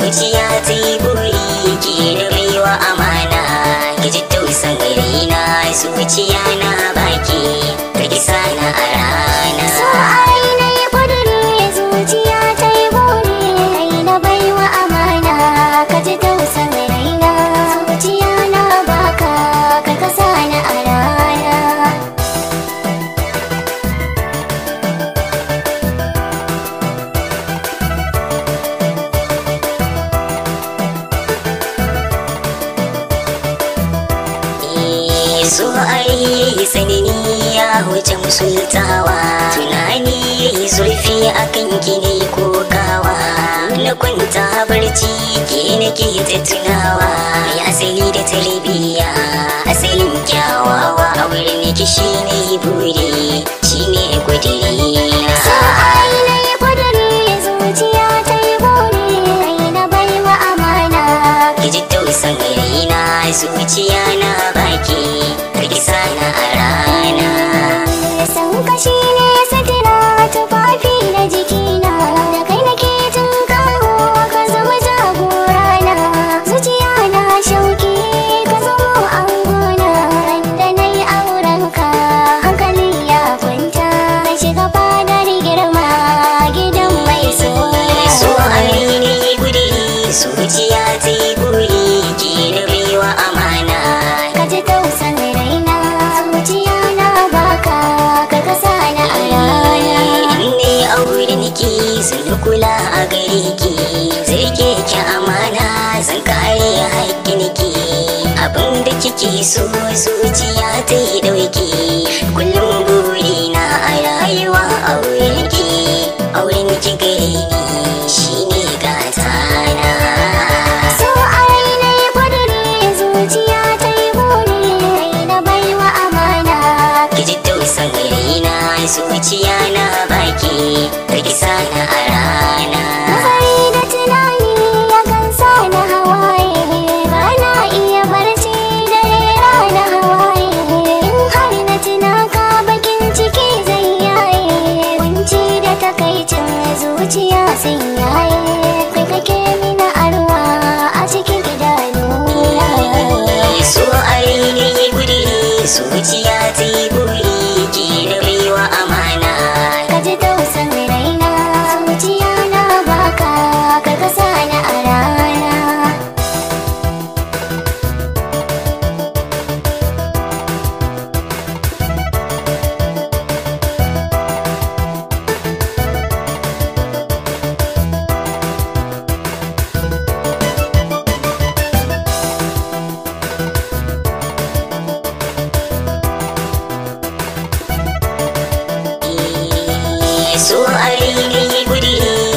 zuciya ta yi buri ki da baiwa amana ki ji tausan raina zuciya sanani ya wuce musultawa tunani zurfi akan gine kokawa na kwanta barci ke nake ta tunawa ya asali da tarbiyya asalin kyawawa a wurin shine buri shine kudiri ta yi baiwa amana ji zuciya a gare ki zai ke ki amana zan kare abin da kike so zuciya ta yi ɗauki 足迹。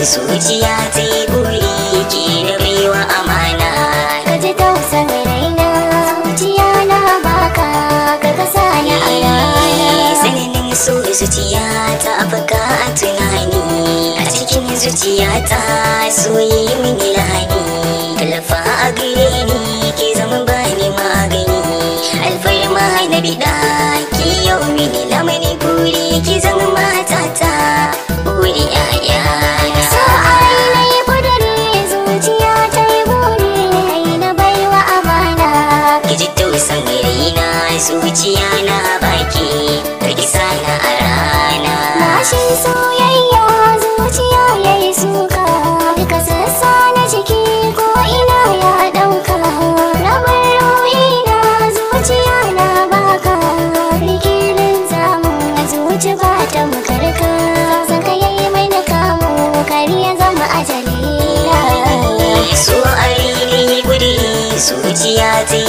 zuciya ta yi buri ke da baiwa amana ka ji tausan raina zuciya na baka ka kasa na arana sananin so zuciya ta afaka a tunani a cikin zuciya ta so yi mini lahani talafa a gare ni ke zama bani magani alfarma na bida zuciya ta